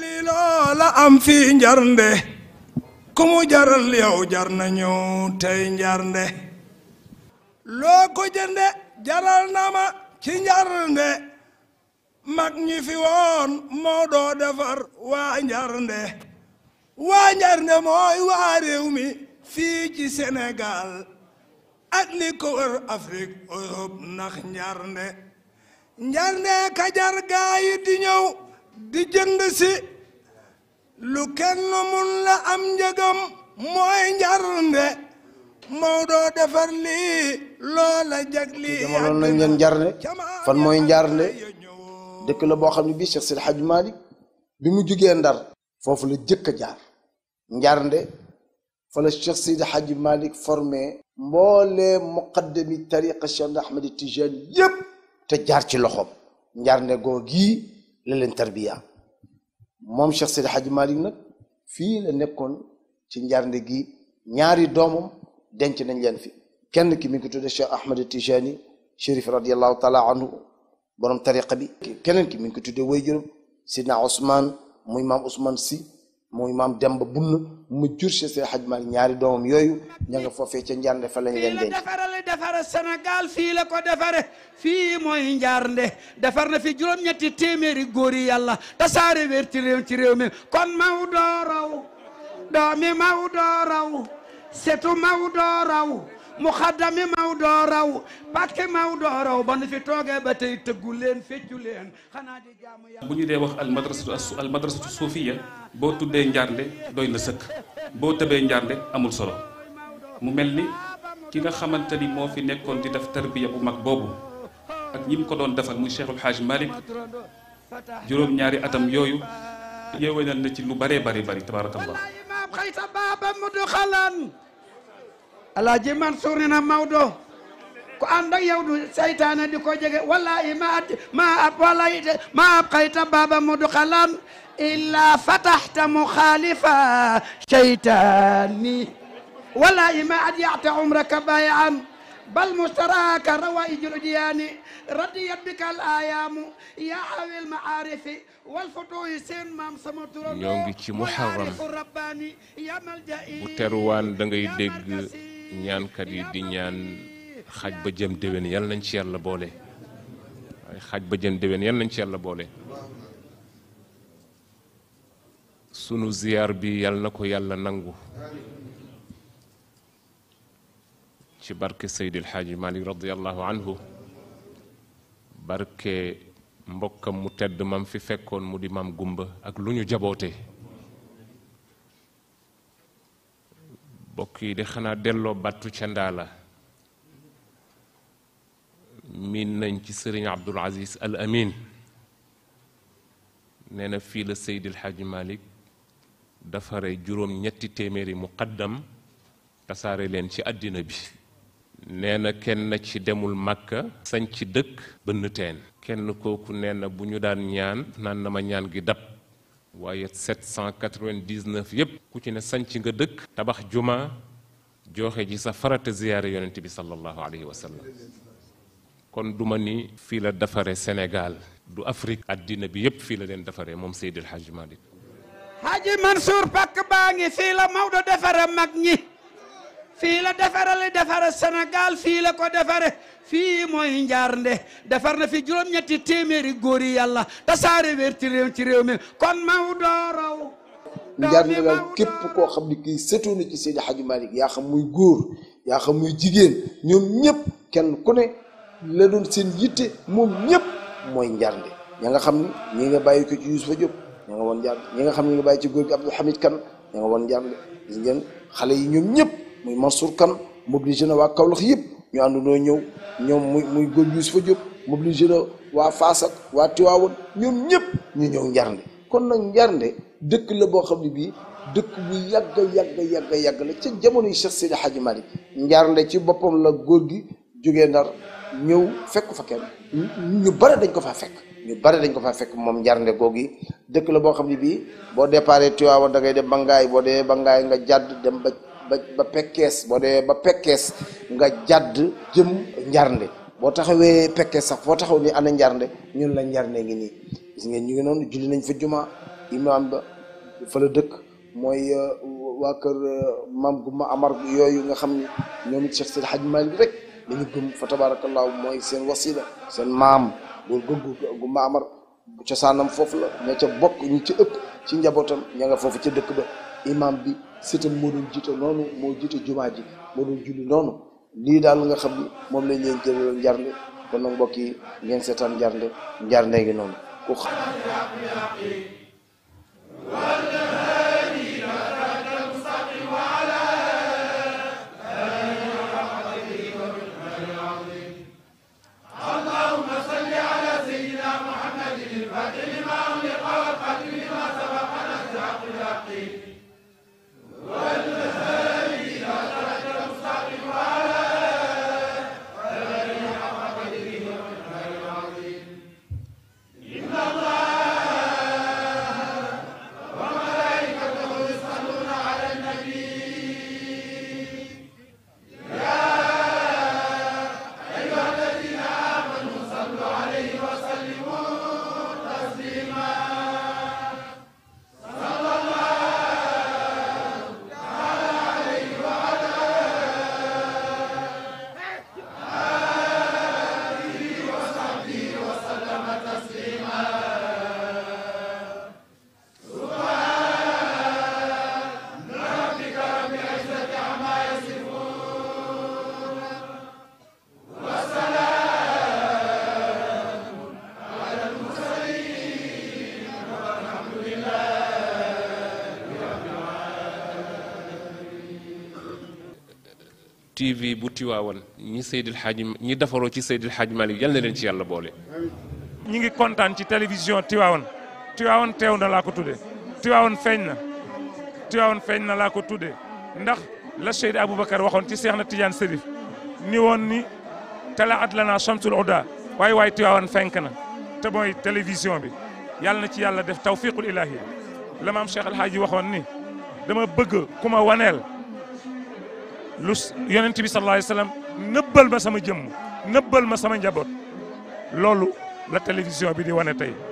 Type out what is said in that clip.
li loola am fii njarnde ku mu jaral yow jar nañu tey njarnde loo ko jënde jaral na ma ci njarnde mag fi moo doo defar waa njarnde waa njarnde mooy waa réew mi fii ci Sénégal ak li ko wër Afrique Europe ndax njarnde njarnde ka jar gaa yi di jënd si lu kenn mun la am njëgam mooy njarnde Maodo defar lii loola jagli jamono nañ leen njarnde fan mooy njarnde dëkk la boo xam ne bii Cheikh Sidi Hadj Malick bi mu jugee Ndar foofu la jëkk a jaar njarnde fa la Cheikh Sidi Hadj Malick formé mboolee muqaddami tariqa Cheikh Ahmed Tijani yépp te jaar ci loxoom njarnde googii للتربية مام شخص الحاج مالينا في لنكون تنجارن دي نياري دومم دين تنجان في كان كي من كتود الشيخ أحمد التجاني شريف رضي الله تعالى عنه برم طريق بي كان كي من كتود ويجرب سيدنا عثمان مو إمام عثمان سي mooy maam Demba Bunn mu jur si Seydi Hadji ñaari doom yooyu ña nga foofee ca njarnde fa lañ leen denc. defarale defare Sénégal fii la ko defare fii mooy njarnde defar na fi juróom-ñetti téeméeri góor yi yàlla tasaare wér ci réew mi kon Maodo raw doomi Maodo setu Maodo مخدمي مودورو باتكي مودورو بانفي توغي باتي تغولين فيتولين خانا دي جامي بو ني دي واخ المدرسه المدرسه الصوفيه بو تودي نجارلي دوينا سك بو تبي نجارلي امول سولو مو ملني كيغا خامتاني مو في نيكون دي داف تربيه بو ماك بوبو اك نيم كو دون دافال مو شيخ الحاج مالك جوروم نياري اتام يويو يوينال نتي لو باري باري باري تبارك الله alaji Mansour nee na Maodo ko ànd yawdu yow di ko jege wallahi ma ma ab wallahi ma qaita baba mudu xalan illa fatahta mukhalifa shaytani wallahi ma at yaata umraka bayan بل مشتراك روائج الأديان رديت بك الآيام يا حوي المعارف والفتوح سين مام سمتر نيونغي محرم الرباني يا ملجئي وتروان دنگي دغ ñaankat yi di ñaan xaj ba jëm déwén yal nañ ci yàlla boole xaj ba jëm déwén yal nañ ci yàlla boole sunu ziyaar bi yal na ko yàlla nangu ci barke Seydil Xaaji Malik radiyallahu anhu barke mbokkam mu tedd mam fi fekkoon mu di mam gumba ak lu ñu jaboote mbokk yi de xanaa delloo battu ca ndaala miin nañ ci sëriñ Abdul Aziz Al Amin nee na fii la Seydi El malik Malick dafare juróom ñetti téeméeri muqaddam tasaare leen ci àddina bi nee na kenn ci demul màkka sañ ci dëkk bënn teen kenn kooku nee na bu ñu daan ñaan naan na ma ñaan gi dab waye 799 yépp ku ci ne sanci nga dëkk tabax juma joxe ji sa farata ziyare yonnati bi sallallahu alayhi wa sallam kon duma ni fi la dafare Sénégal du Afrique adina bi yépp fi la len dafare mom Seydil hajj malik hajj Mansour pak baangi fi la mawdo dafare mag ñi fii la defarale defare Sénégal fii la ko defare fii mooy njaarnde defar na fi juróom-ñetti téeméeri góori yàlla tasaare wér ci réew ci mi kon Maodo raw njaarnde daal képp koo xam ni kii sëtu na ci Seydi Hadji Malick yaa xam muy góor yaa xam muy jigéen ñoom ñëpp kenn ku ne la doon seen yitte moom ñëpp mooy njaarnde ña nga xam ni ñi nga bàyyi ko ci Youssoufa Diop ña nga woon njaarnde ñi nga xam ni nga bàyyi ci góor gi Abdou Hamid Kane ña nga woon njaarnde ngeen xale yi ñoom ñëpp muy Mansour Kane mobilisé na waa Kaolack yëpp ñu àndandoo ñëw ñoom muy muy góor Yuusufa Diop mobilisé na waa Fass ak waa Tiwaawan ñoom ñëpp ñu ñëw Njarnde kon nag Njarnde dëkk la boo xam ne bii dëkk bu yàgg yàgg yàgg yàgg la ca jamono yi Cheikh Seydi Hadji Malick Njarnde ci boppam la góor gi jógee Ndar ñëw fekk fa kenn dañ ko faa fekk ñu bare dañ ko faa fekk moom Njarnde googu dëkk la boo xam ne bii boo déparé Tiwaawan da ngay dem ba Ngaay boo demee ba Ngaay nga jàdd dem ba ba ba pekkees boo dee ba pekkees nga jàdd jëm njarnde boo taxawee pekkees sax foo taxaw ni ana njarnde ñun la njarnde ngi nii gis ngeen ñu ngi noonu julli nañ fa juma imaam ba fa la dëkk mooy euh, waa kër euh, maam guma amar yooyu nga xam ne ñoom it Cheikh rek dañu gëm fa tabarakallahu mooy seen wasila seen maam boo gëggu guma amar cosaanam foofu la ña ca ñu ci ëpp ci njabootam ña foofu ca dëkk ba imam bi sëtam moo doon jiite noonu moo jiite jumaa ji moo doon julli noonu lii daal nga xam ni moom lañ leen jëlaloon njarnde kon nag mbokk yi ngeen seetaan njarnde noonu TV bu Tiwaawan ñi Seydil Hadji ñi defaroo ci Seydil Hadji Malick yal na leen ci yàlla boole. ñi ngi kontaan ci télévision Tiwaawan Tiwaawan teew na laa ko tuddee Tiwaawan feeñ na Tiwaawan feeñ na laa ko tuddee ndax la Seydi Aboubacar waxoon ci Seexna Tijaan Sërif ni woon ni talaat la Shamsul Uda waaye waaye Tiwaawan fenk na te mooy télévision bi yàlla na ci yàlla def tawfiqul ilaahi la maam Cheikh El Hadji waxoon ni dama bëgg ku ma lu yonent bi sallallahu alayhi wa sallam nëbbal ma sama jëmm nëbbal ma sama njaboot loolu la télévision bi di wane tey